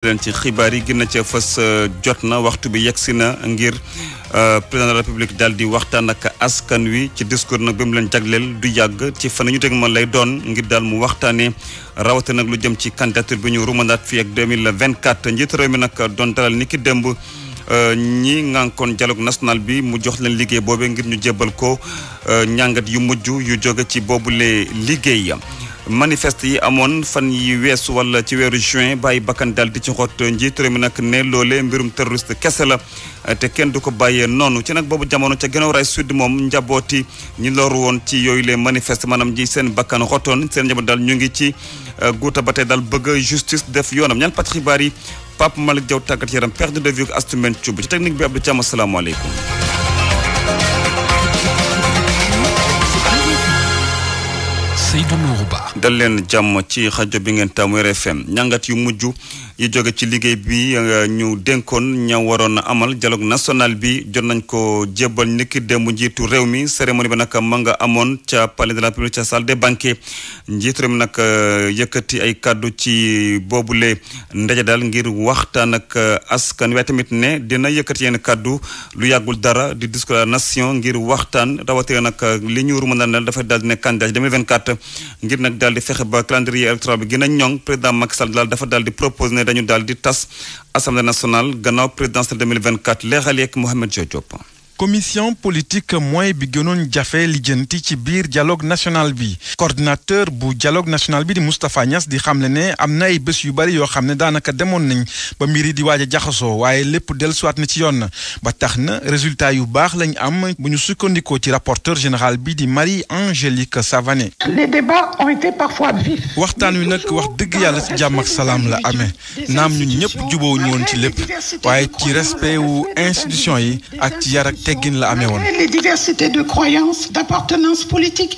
leen ci xibaar yi gën na ca fës euh, jot na waxtu bi yegsi na ngir euh, président de la république daal di waxtaan ak askan wi ci discours nag bi mu leen jagleel du yàgg ci fan ñu teg man lay doon ngir daal mu waxtaanee rawate nag lu jëm ci candidature bi ñu rumandaat fii ak 2024 njiit réew mi nag doon dalal ni ki démb euh, ñi ngànkoon dialogue national bi mu jox leen liggéey boobee ngir ñu jébbal ko ñàngat yu mujj yu jóge ci boobule liggéey manifeste yi amoon fan yi weesu wala ci weeru juin bàyyi bakkan dal di ci xott njiit réew mi nag ne loole mbirum terroriste kese la te kenn du ko bàyyee noonu ci nag boobu jamono ca Guinaw Rails Sud moom njabooti ñu loru woon ci yooyu les manifeste maanaam ji seen bakkan xottoon seen njaboot daal ñu ngi ci euh, guuta ba tey daal bëgg justice def yoonam ñaan pàcc xibaar yi Pape Malick Diaw tàggat yaram perte de vue ak astumen Thioub ci technique bi Abdou Thiam asalaamaaleykum Seydou dal leen jàmm ci rajo bi ngeen taamu RFM ñàngat yu mujj yu jóge ci liggéey bi euh, ñu dénkoon ña waroon amal jaloog nationale bi jot nañ ko jébbal niki démb njiitu réew mi cérémonie ba nag ma nga amoon ca palais de la République ca salle des banquets njiitu réew mi nag euh, yëkkati ay kàddu ci boobu boobule ndaje daal ngir waxtaan ak euh, askan waaye tamit ne dina yëkkati yenn kàddu lu yàggul dara di discours de la nation ngir waxtaan rawatina nag li ñu ruuma naan dafa daal di ne candidat ci ngir nag daal di fexe ba calendrier électoral a ñoŋ président Macky Sall dañu daal di tas assemblée nationale gannaaw présidentielle 2024 leexaleek Mouhamed Diop. commission politique mooy bi gënoon jafe lijjanti ci biir dialogue national bi cordinateur bu dialogue national bi di Moustapha Niass di xam ne ne am na ay bés yu bari yoo xam ne daanaka demoon nañ ba mbir yi di waaj a jaxasoo waaye lépp dellusiwaat na ci yoon ba tax na résultat yu baax lañu am bu ñu sukkandikoo ci rapporteur général bi di Marie Angélique Savané. les débats waxtaan wi nag wax dëgg yàlla ci jàmm ak salaam la amee naam ñu ñëpp jubóo ñu woon ci lépp waaye ci respect yi ak ci teggin la amee woon. les diversités de croyances d'appartenance politique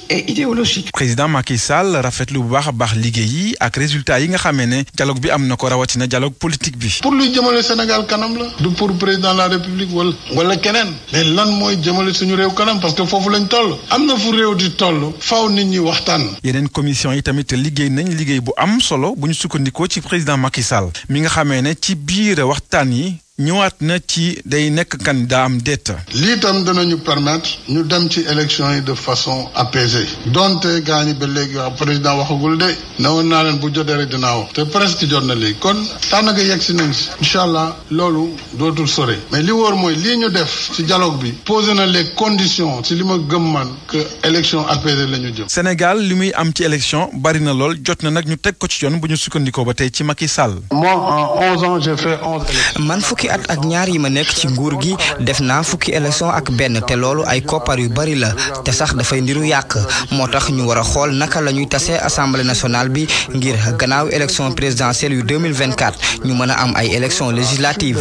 président Macky Sall rafetlu bu baax a baax liggéey yi ak résultat yi nga xamee ne dialogue bi am na ko rawatina dialogue politique bi. pour luy jëmale Sénégal kanam la. du pour président de la République wala. wala keneen. mais lan mooy jëmale suñu réew kanam parce que foofu lañu toll. am na fu réew di toll. faaw nit ñi waxtaan. yeneen commission yi tamit liggéey nañ liggéey bu am solo bu ñu sukkandikoo ci président Macky Sall mi nga xamee ne ci biir waxtaan yi ñëwaat na ci day nekk kan am déet. lii tam danañu permettre ñu dem ci élection yi de façon apaisée donte gaañi ba léegi waa président waxagul de ne woon naa leen bu jotee rek dinaa wax te presque jot na léegi kon daanaka yegg si nañ incha allah loolu dootul sore mais li wóor mooy lii ñu def ci dialogue bi posé na les conditions ci li ma gëm man que élection apaisée la ñu jëm. Sénégal li muy am ci élection bari na lool jot na nag ñu teg ko ci yoon bu ñu sukkandikoo ba tey ci Macky Sall. moi fukki at ak ñaar yi ma nekk ci nguur gi def naa fukki élection ak benn te loolu ay koppar yu bari la te sax dafay ndiru yàq moo tax ñu war a xool naka la ñuy tasee assemblée nationale bi ngir gannaaw élection présidentielle yu 2024 ñu mën a am ay élection législative.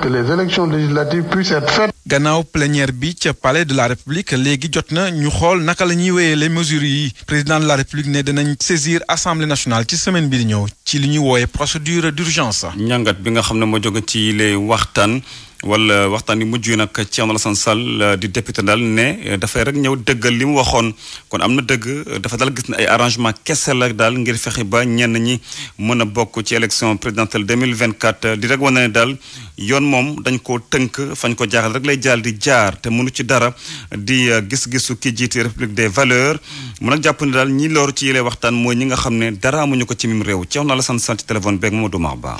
que les gannaaw plénière bi ca palais de la république léegi jot na ñu xool naka la ñuy wéyee les mesures yi président de la république ne danañ saisir assemblée nationale ci semaine bi di ñëw ci li ñuy wooye procédure d'urgence. ñàngat bi nga xam ne moo jóge ci les waxtaan. wala waxtaan yu mujj yi nag Thierno Alassane Sall euh, di député daal ne euh, dafay rek ñëw dëggal li mu waxoon kon am na dëgg euh, dafa daal gis ne ay arrangement kese la daal ngir fexe ba ñenn ñi mën a bokk ci élection présidentielle 2024 di rek wane ne daal yoon moom dañ koo tënk fañ ko jaaxal rek lay jaal di jaar te mënu ci dara di gis-gisu ki jiite république des valeur mun a jàpp ne daal ñi looru ci yile waxtaan mooy ñi nga xam ne dara amuñu ko ci mim réew Thierno Alassane Sall ci téléphone beeg Mamadou Makhba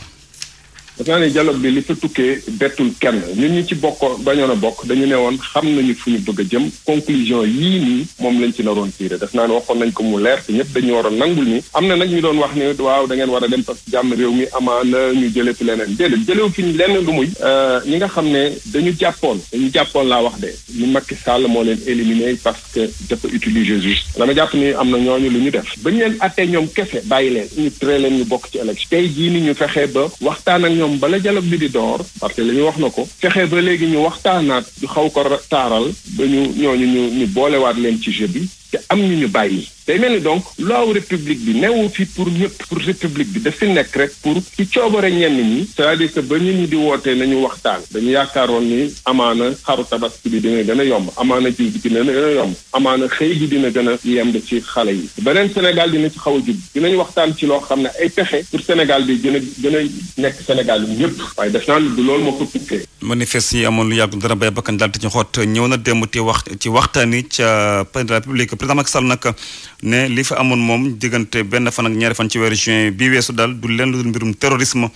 daf naa ne dialogue bi li fa tukkee bettul kenn ñun ñu ci bokkoon bañoon a bokk dañu ne woon xam nañu fu ñu bëgg a jëm conclusion yii nii moom lañ ci naroon tiire def naa ne waxoon nañ ko mu leer te ñëpp dañu war a nangul ni am na nag ñu doon wax ni waaw da ngeen war a dem parce jàmm réew mi amaana ñu jëlee fi leneen déedéet jëlew fi lenn lu muy euh, ñi nga xam ne dañu jàppoon dañu jàppoon laa wax de ñu Macky Sall moo leen éliminer parce que dafa utiliser juste dama jàpp ni am na ñooñu lu ñu def bañ leen attee ñoom kese bàyyi leen ñu tere leen ñu bokk ci élection tey jii ni ñu fexee ba waxtaan ak ñoom ñoom bala dialogue bi di door parce que lañu wax na ko fexe ba léegi ñu waxtaanaat ñu xaw ko taaral ba ñu ñooñu ñu ñu boolewaat leen ci jeu bi te am ñu ñu bàyyi day mel ni donc loi république bi newu fi pour ñëpp pour république bi daf fi nekk rek pour ci coobare ñenn ñi cest à ba nit ñi di wootee nañu waxtaan dañu yaakaaroon ni amaana xaru tabaski bi dina gën yomb amaana jiw bi dina gën a yomb xëy gi dina gën a yemb ci xale yi beneen Sénégal dina ci xaw a jub dinañu waxtaan ci loo xam ne ay pexe Sénégal bi gën a gën a nekk Sénégal ñëpp waaye def naa du loolu moo ko tukkee manifeste yi amoon lu yàggu dara bay bakkan daal te ci xoot ñëw na démb te wax ci waxtaan yi ca président de la République président ak Sall naka ne li fi amoon moom diggante benn fan ak ñaari fan ci weeru juin bi weesu daal du leen lu dul mbirum terrorisme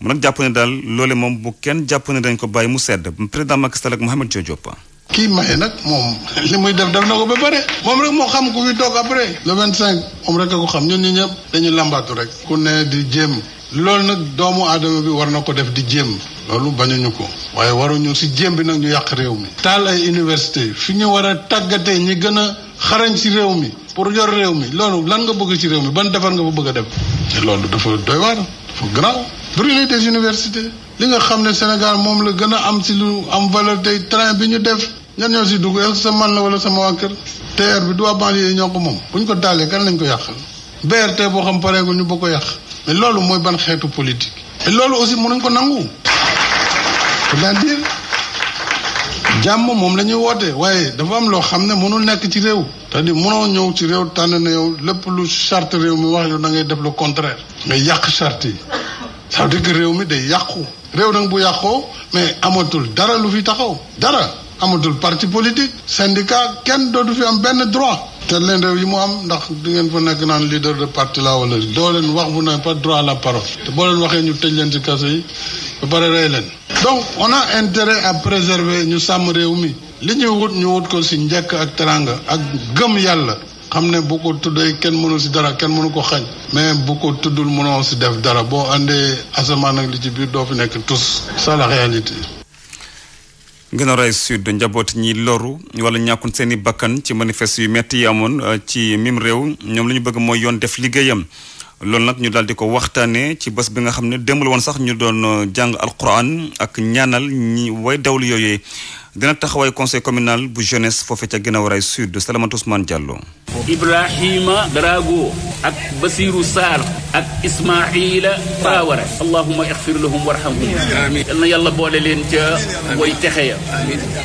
mu nag jàpp ne daal loole moom bu kenn jàpp ne dañ ko bàyyi mu sedd président Macky Sall ak Mouhamed Diop Diop kii maye nag moom li muy def def na ko ba pare moom moo xam ku fi toog après le vingt cinq moom rek a ko xam ñun ñu ñëpp dañu làmbaatu rek ku ne di jéem loolu nag doomu aadama bi war na ko def di jéem loolu bañuñu ko waaye waruñu si jéem bi nag ñu yàq réew mi taal ay université fi ñu war a tàggatee ñi gën a xarañ si réew mi pour yor réew mi loolu lan nga bëgg ci réew mi ban defar nga ko bëgg a def loolu dafa doy waar dafa garaaw brûler des li nga xam ne Sénégal moom la gën a am ci lu am valeur tey train bi ñu def ñan ñoo ci dugg est sa man la wala sama waa kër TER bi du waa banlieue ñoo ko moom bu ko taalee kan lañ ko yàq yàqal BRT boo xam paree ko ñu bëgg ko yàq mais loolu mooy ban xeetu politique et loolu aussi mënuñ ko nangu jàmm moom la ñuy woote waaye dafa am loo xam ne mënul nekk ci réew cest di dire mënoo ñëw ci réew tànn na yow lépp lu charte réew mi wax yow da ngay def le contraire nga yàq charte yi ça veut réew mi day yàqu réew nag bu yàqoo mais amatul dara lu fi taxaw dara amatul parti politique syndicat kenn dootu fi am benn droit te leen réew yi mu am ndax di ngeen fa nekk naan leader de parti la wala doo leen wax bu ne pas droit la parole te boo leen waxee ñu tëj leen ci kaso yi ba pare leen donc on a intérêt à préserver ñu sàmm réew mi li ñuy wut ñu wut ko si njëkk ak teranga ak gëm yàlla xam ne bu ko tuddee kenn mënul si dara kenn mënu ko xañ mais bu ko tuddul mënoo si def dara boo àndee asamaan ak li ci biir doo fi nekk tous c'est la réalité. gën a ray sud njaboot ñi loru wala ñàkkun seen i bakkan ci manifeste yu metti yi amoon euh, ci mim réew ñoom li ñu bëgg mooy yoon def liggéeyam. loolu nag ñu daal di ko waxtaanee ci bés bi nga xam ne démb la woon sax ñu doon euh, jàng alquran ak ñaanal ñi way dawlu yooyee dina taxawaay conseil communal bu jeunesse foofee ca ginnaaw raay sud Salamatu Ousmane Diallo. Ibrahima Drago ak Basiru Sarr ak Ismaila Traoré allahuma ixfir lahum warhamhum boole leen ca way texe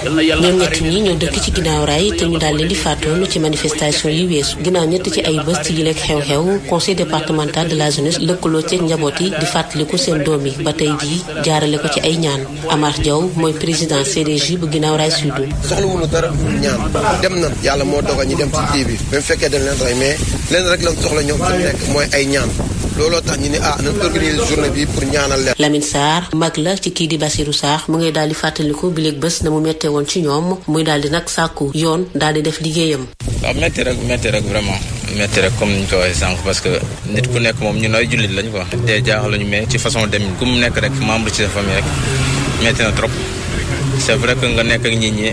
ñoom ñett ñi ñoo dëkk ci ginnaaw raay te ñu daal leen di faatoon ci manifestation yi weesu ginnaaw ñett ci ay bés ci yileeg xew-xew conseil départemental de la jeunesse lëkkaloo ci njaboot yi di fàttaliku seen doom yi ba tey jii jaarale ko ci ay ñaan Amar Diaw mooy président CDJ bu ginnaaw raay sud soxlawuñu dara ñaan dem na moo dogal ñu dem bi même fekkee dañ leen rey mais leen rek lañ soxla ñoom fi nekk mooy ay ñaan looloo tax ñu ne ah nañ organiser journée bi pour ñaanal leen. Lamine Sarr mag la ci kii di Basirou saax mu ngay daal di fàttaliku bileeg bés na mu méttee woon ci ñoom muy daal di nag sàkku yoon daal di def liggéeyam. waaw métti rek métti rek vraiment. métti rek comme niñ ko waxee sànq parce que nit ku nekk moom ñu nooy jullit lañ ko dee jaaxaluñu mais ci façon dem ku mu nekk rek membre ci sa famille rek métti na trop c'est vrai que nga nekk ak ñi.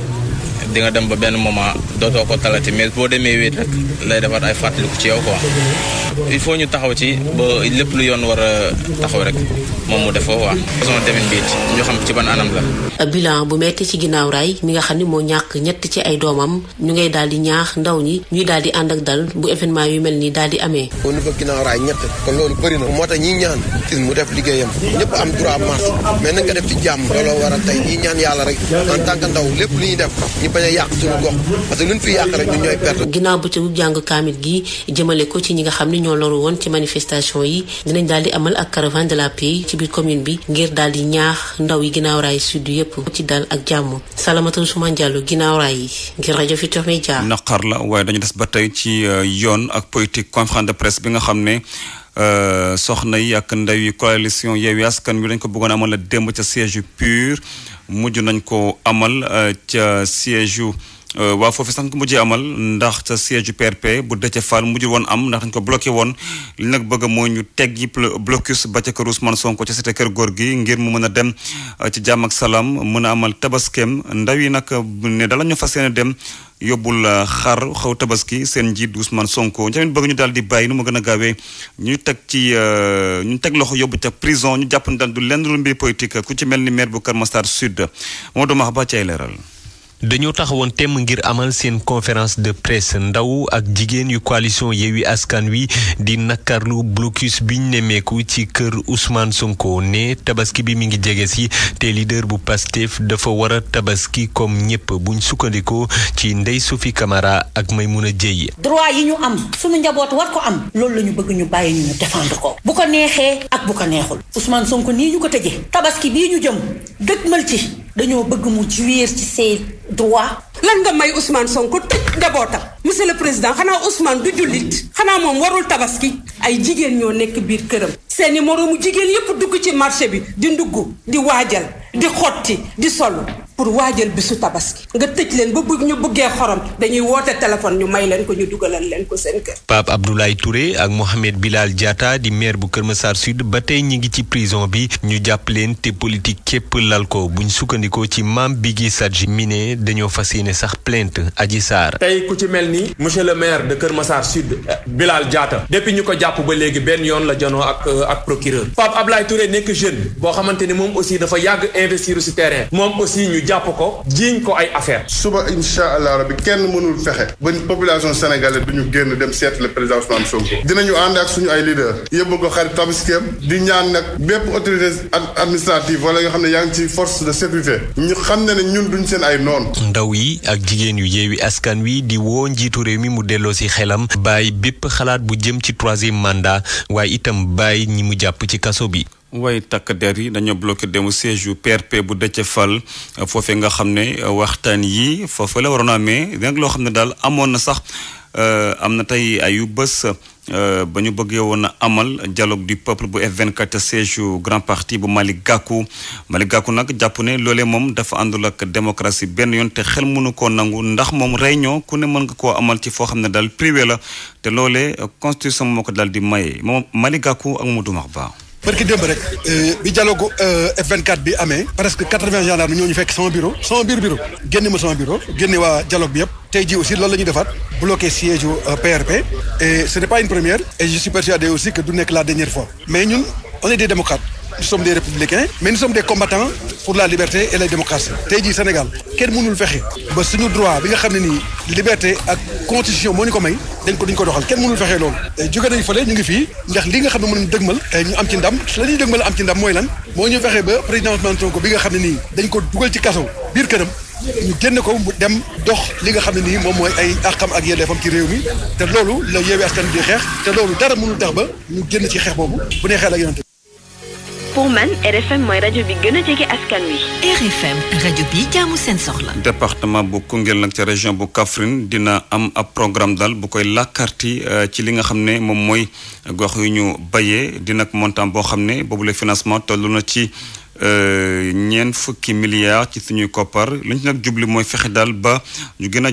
di nga dem ba benn moment dootoo ko talati mais boo demee wéet rek lay defaat ay fàttaliku ci yow quoi mhm. il faut ñu taxaw ci ba lépp lu yoon war a taxaw rek moom mu def foofu waa façon demin bi it ñu xam ci ban anam la. bilan bu metti ci ginnaaw raay mi nga xam ni moo ñàkk ñett ci ay doomam ñu ngay daal di ñaax ndaw ñi ñuy daal di ànd ak dal bu événement yu mel nii daal di amee. au niveau moo tax ñi ñaan mu def liggéeyam ñëpp am droit marche mais nañ yàlla rek en tant ndaw lépp lu def ñu bañ a yàq suñu gox parce que fi yàq rek ñun ñooy perte. ginnaaw bëccëgu jàng kaamil gi jëmale ko ci ñi nga xam ni ñoo loru woon ci manifestation yi dinañ daal amal ak caravane de la paix commune bi ngir daal di ñaax ndaw yi ginnaaw raay sud yëpp ci dal ak jàmm Salamata Ousmane Diallo ginnaaw raay yi ngir rajo Futurs Médias naqar la waaye dañu des ba tey ci euh, yoon ak politique conférence de presse bi nga xam ne euh, soxna yi ak ndaw yi coalition Yewwi Askan Wi dañ ko bëggoon amal la démb ca siège yu pur mujj nañ ko amal euh, ca siège yu Euh, waaw foofu sànq mujjee amal ndax sa siège PRP bu Déthié Fall mujjul woon am ndax dañ ko bloqué woon li nag bëgg mooy ñu teggi blocus ba ca kër Ousmane Sonko ca cité kër góor gi ngir mu mën a dem euh, ci jàmm ak salaam mën a amal tabaskeem ndaw yi nag ne dala ñu fas yéene dem yóbbul euh, xar xaw tabaski seen njiit Ousmane Sonko ñu tamit bëgg ñu daal di bàyyi nu mu gën a gaawee ñu teg ci ñu teg loxo yóbbu ca prison ñu jàpp ne daal du lenn lu mbir politique ku ci mel ni maire bu Kër Massar Sud Maodo Max ba cay leeral dañoo taxawoon temm ngir amal seen conférence de presse ndaw ak jigéen yu coalition Yewwi Askan Wi di nakarlu blocus biñ nemmeeku ci kër Ousmane Sonko ne tabaski bi mi ngi jege si te leader bu Pastef dafa war a tabaski comme ñëpp buñ sukkandiku ci ndey suufi Camara ak Maimouna Dieye. droit yi ñu am sunu njaboot war ko am loolu la bëgg ñu bàyyi ñu défendre ko bu ko neexee ak bu ko neexul Ousmane Sonko nii ñu ko tëjee tabaski bii ñu jëm dëgmal ci droit lan nga may Ousmane Sonko tëj njabootam monsieur le président xanaa Ousmane du jullit xanaa moom warul tabaski ay jigéen ñoo nekk biir këram seeni moroomu jigéen yépp dugg ci marché bi di ndugg di waajal di xotti di sol pour waajal bisu tabaski nga tëj leen ba bëgg ñu bëggee xorom dañuy woote téléphone ñu may leen ko ñu dugalal leen ko seen kër. Pape Abdoulaye Touré ak Mohamed Bilal Diatta di maire bu Kër Massar Sud ba tey ñi ngi ci prison bi ñu jàpp leen te politique képp lal ko bu buñ sukkandikoo ci maam Bigui Sadji mi ne dañoo fas yéene sax plainte Adji Sarr. tey ku ci mel ni monsieur le maire de Kër Massar Sud eh, Bilal Diatta depuis ñu ko jàpp ba léegi benn yoon la janoo ak euh, ak procureur Pape Abdoulaye Touré boo xamante ni moom moom aussi ñu jàpp ko jiiñ ko ay affaire suba insha allah rabbi kenn mënul fexe ba population sénégalaise du ñu génn dem seet le président Ousmane Sonko dinañu ànd ak suñu ay leader yóbbu ko xarit tabaskeem di ñaan nag bépp autorité administrative wala nga xam ne yaa ngi ci force de sécurité ñu xam ne ne ñun duñ seen ay noonu ndaw yi ak jigéen yu yeewi askan wi di woo njiitu réew mi mu delloo si xelam bàyyi bépp xalaat bu jëm ci troisième mandat waaye itam bàyyi ñi mu jàpp ci kaso bi way takk der yi dañoo bloqué demu siège yu PRP bu Déthié Fall foofee nga xam ne euh, waxtaan yi foofu la waroon a amee nag loo xam ne daal amoon na sax euh, am na tey ayu bés euh, ba ñu bëggee woon a amal dialogue du peuple bu F24 siège yu grand parti bu Malick Gakou Malick Gakou nag jàpp ne loolee moom dafa àndul ak démocratie benn yoon te xel mënu ko nangu ndax moom réunion ku ne mën nga koo amal ci foo xam ne daal privé la te loole constitution moo ko daal di maye moom Malick ak Modou Makhba barki démb rek euh, bi dialogue euh, F24 bi amee presque quatre-vingts gendarmes ñoo ñu fekk sama bureau sama biro bureau génne ma sama bureau génne waa dialogue bi yëpp tey ji aussi loolu la ñuy defaat bloqué siège u PRP euh, et ce n'est pas une première et je suis persuadé aussi que du nekk la dernière fois mais ñun on est des démocrates nous sommes des républicains mais nous sommes de combattants pour la liberté et la démocratie tey jii Sénégal kenn mënul fexe ba suñu droit bi nga xam ne nii liberté ak constitution moo ñu ko may dañ ko duñ ko doxal kenn mënul fexe loolu jóge nañ fële ñu ngi fii ndax li nga xam ne mën nañu dëgmal am ci ndam la ñuy am ci ndam mooy lan moo ñu fexe ba président Ousmane Sonko bi nga xam ne nii dañ ko dugal ci kaso biir këram ñu génn ko mu dem dox li nga xam ne nii moom mooy ay àqam ak am ci réew mi te loolu la yeewee askan di xeex te loolu dara mënul tax ba ñu génn ci xeex boobu bu neexee la yonante pour man RFM mooy rajo bi jaamu seen soxla. département bu Koungheul nag ci région bu Kaffrine dina am ab programme daal bu koy làkkarti euh, ci li nga xam ne moom mooy gox yu ñu bayee dina ak boo xam ne boobu financement tollu na ci euh, ñeent fukki milliards ci suñuy koppar li ñu nag jubli mooy fexe daal ba ñu gën